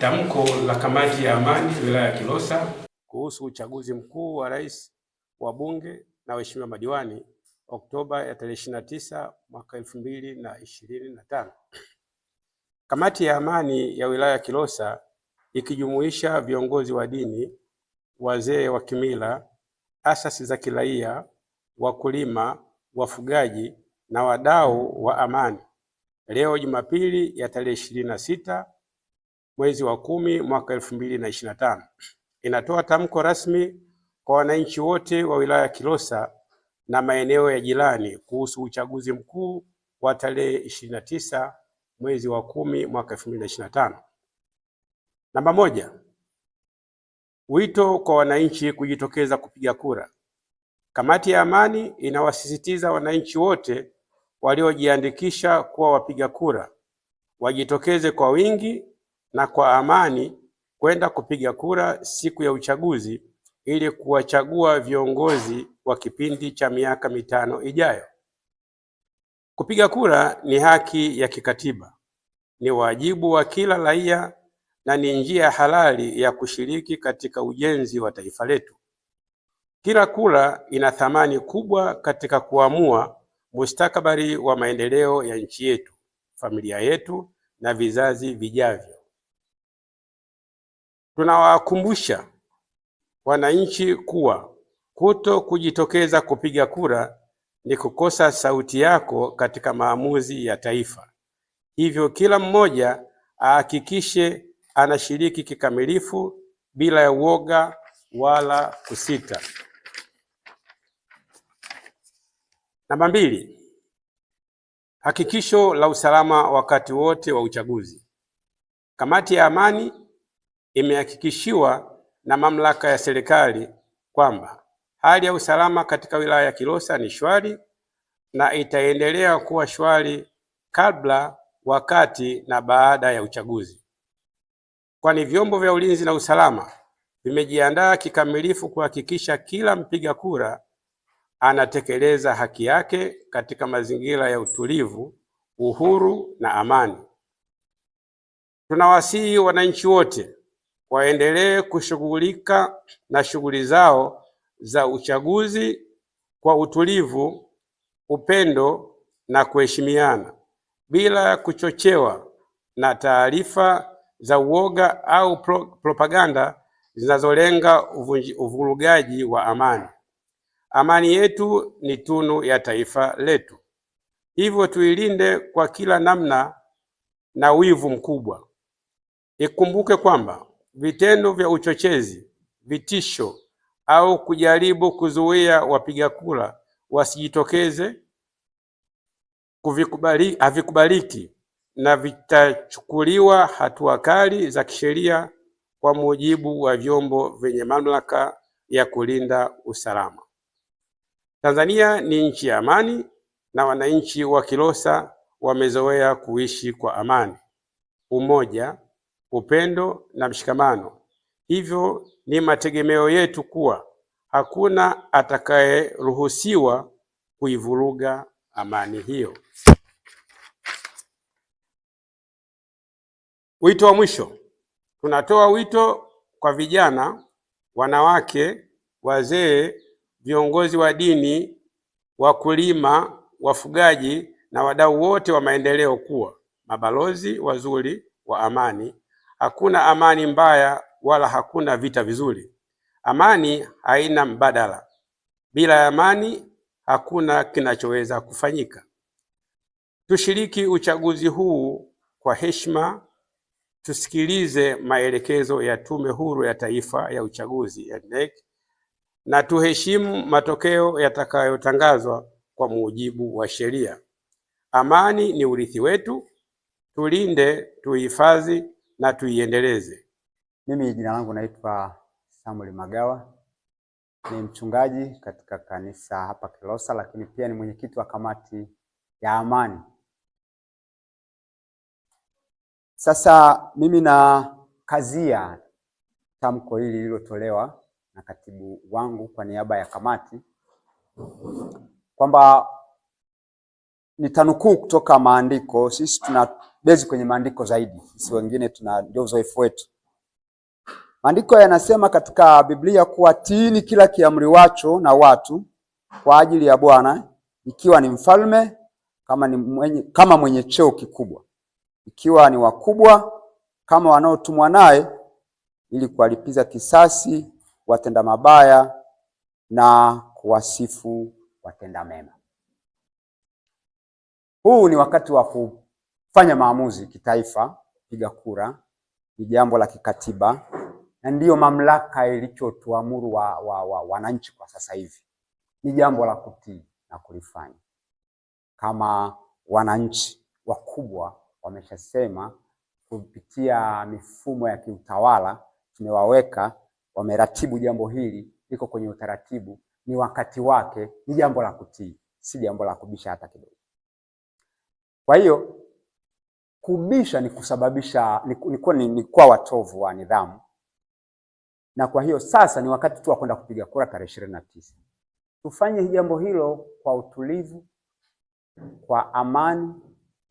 Tamko la kamati ya amani wilaya ya Kilosa kuhusu uchaguzi mkuu wa rais, wa bunge na waheshimiwa madiwani Oktoba ya tarehe 29 mwaka 2025. Kamati ya amani ya wilaya ya Kilosa ikijumuisha viongozi wa dini, wazee wa kimila, asasi za kiraia, wakulima, wafugaji na wadau wa amani leo Jumapili ya tarehe 26 mwezi wa kumi mwaka elfu mbili na ishirini na tano inatoa tamko rasmi kwa wananchi wote wa wilaya ya Kilosa na maeneo ya jirani kuhusu uchaguzi mkuu wa tarehe ishirini na tisa mwezi wa kumi mwaka elfu mbili na ishirini na tano. Namba moja, wito kwa wananchi kujitokeza kupiga kura. Kamati ya amani inawasisitiza wananchi wote waliojiandikisha kuwa wapiga kura wajitokeze kwa wingi na kwa amani kwenda kupiga kura siku ya uchaguzi ili kuwachagua viongozi wa kipindi cha miaka mitano ijayo. Kupiga kura ni haki ya kikatiba, ni wajibu wa kila raia na ni njia halali ya kushiriki katika ujenzi wa taifa letu. Kila kura ina thamani kubwa katika kuamua mustakabali wa maendeleo ya nchi yetu, familia yetu na vizazi vijavyo. Tunawakumbusha wananchi kuwa kuto kujitokeza kupiga kura ni kukosa sauti yako katika maamuzi ya taifa. Hivyo kila mmoja ahakikishe anashiriki kikamilifu bila ya uoga wala kusita. Namba mbili, hakikisho la usalama wakati wote wa uchaguzi. Kamati ya amani imehakikishiwa na mamlaka ya serikali kwamba hali ya usalama katika wilaya ya Kilosa ni shwari na itaendelea kuwa shwari kabla, wakati na baada ya uchaguzi, kwani vyombo vya ulinzi na usalama vimejiandaa kikamilifu kuhakikisha kila mpiga kura anatekeleza haki yake katika mazingira ya utulivu, uhuru na amani. Tunawasihi wananchi wote waendelee kushughulika na shughuli zao za uchaguzi kwa utulivu, upendo na kuheshimiana bila kuchochewa na taarifa za uoga au pro propaganda zinazolenga uvurugaji wa amani. Amani yetu ni tunu ya taifa letu, hivyo tuilinde kwa kila namna na wivu mkubwa. Ikumbuke kwamba vitendo vya uchochezi, vitisho au kujaribu kuzuia wapiga kura wasijitokeze kuvikubali havikubaliki na vitachukuliwa hatua kali za kisheria kwa mujibu wa vyombo vyenye mamlaka ya kulinda usalama. Tanzania ni nchi ya amani na wananchi wa Kilosa wamezoea kuishi kwa amani, umoja upendo na mshikamano. Hivyo ni mategemeo yetu kuwa hakuna atakayeruhusiwa kuivuruga amani hiyo. Wito wa mwisho, tunatoa wito kwa vijana, wanawake, wazee, viongozi wa dini, wakulima, wafugaji na wadau wote wa maendeleo kuwa mabalozi wazuri wa amani Hakuna amani mbaya wala hakuna vita vizuri. Amani haina mbadala. Bila amani hakuna kinachoweza kufanyika. Tushiriki uchaguzi huu kwa heshima, tusikilize maelekezo ya Tume Huru ya Taifa ya Uchaguzi NEC, na tuheshimu matokeo yatakayotangazwa kwa mujibu wa sheria. Amani ni urithi wetu, tulinde, tuhifadhi na tuiendeleze. Mimi jina langu naitwa Samuel Magawa, ni mchungaji katika kanisa hapa Kilosa, lakini pia ni mwenyekiti wa kamati ya amani. Sasa mimi na kazia tamko hili lililotolewa na katibu wangu kwa niaba ya kamati kwamba nitanukuu kutoka maandiko. Sisi tuna bezi kwenye maandiko zaidi, sisi wengine tuna ndio uzoefu wetu. Maandiko yanasema katika Biblia kuwa tiini kila kiamriwacho na watu kwa ajili ya Bwana, ikiwa ni mfalme kama, ni mwenye, kama mwenye cheo kikubwa, ikiwa ni wakubwa kama wanaotumwa naye, ili kuwalipiza kisasi watenda mabaya na kuwasifu watenda mema. Huu ni wakati wa Fanya maamuzi kitaifa, piga kura, ni jambo la kikatiba na ndiyo mamlaka ilichotuamuru wa, wa, wa, wananchi kwa sasa hivi. Ni jambo la kutii na kulifanya. Kama wananchi wakubwa wameshasema kupitia mifumo ya kiutawala tumewaweka, wameratibu jambo hili, liko kwenye utaratibu, ni wakati wake, ni jambo la kutii, si jambo la kubisha hata kidogo. Kwa hiyo Kubisha ni kusababisha ni, ni kwa watovu wa nidhamu, na kwa hiyo sasa ni wakati tu wa kwenda kupiga kura tarehe ishirini na tisa. Tufanye jambo hilo kwa utulivu, kwa amani,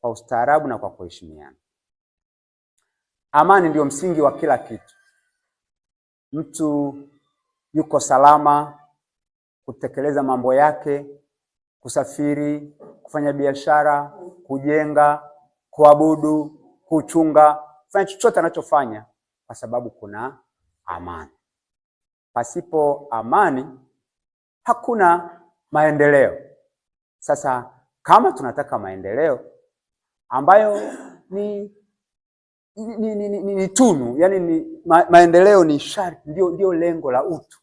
kwa ustaarabu na kwa kuheshimiana. Amani ndiyo msingi wa kila kitu. Mtu yuko salama kutekeleza mambo yake, kusafiri, kufanya biashara, kujenga kuabudu, kuchunga, kufanya chochote anachofanya, kwa sababu kuna amani. Pasipo amani hakuna maendeleo. Sasa kama tunataka maendeleo ambayo ni ni, ni, ni, ni tunu yani ni, ma, maendeleo ni sharti, ndio ndio lengo la utu,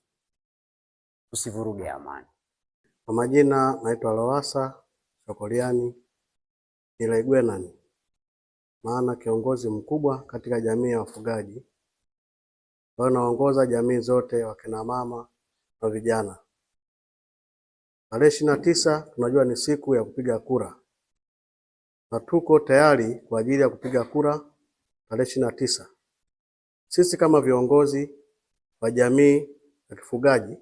tusivuruge amani. Kwa majina naitwa Lowasa Shokoliani Nilaigwe nani maana kiongozi mkubwa katika jamii ya wafugaji ambayo inaongoza jamii zote, wakina mama na vijana. Tarehe ishirini na tisa tunajua ni siku ya kupiga kura, na tuko tayari kwa ajili ya kupiga kura tarehe ishirini na tisa. Sisi kama viongozi wa jamii ya kifugaji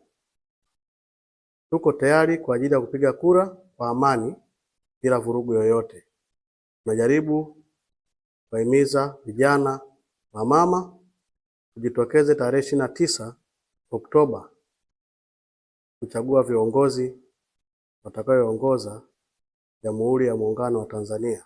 tuko tayari kwa ajili ya kupiga kura kwa amani bila vurugu yoyote. Tunajaribu kuwahimiza vijana na mama tujitokeze tarehe ishirini na tisa Oktoba kuchagua viongozi watakayoongoza Jamhuri ya Muungano wa Tanzania.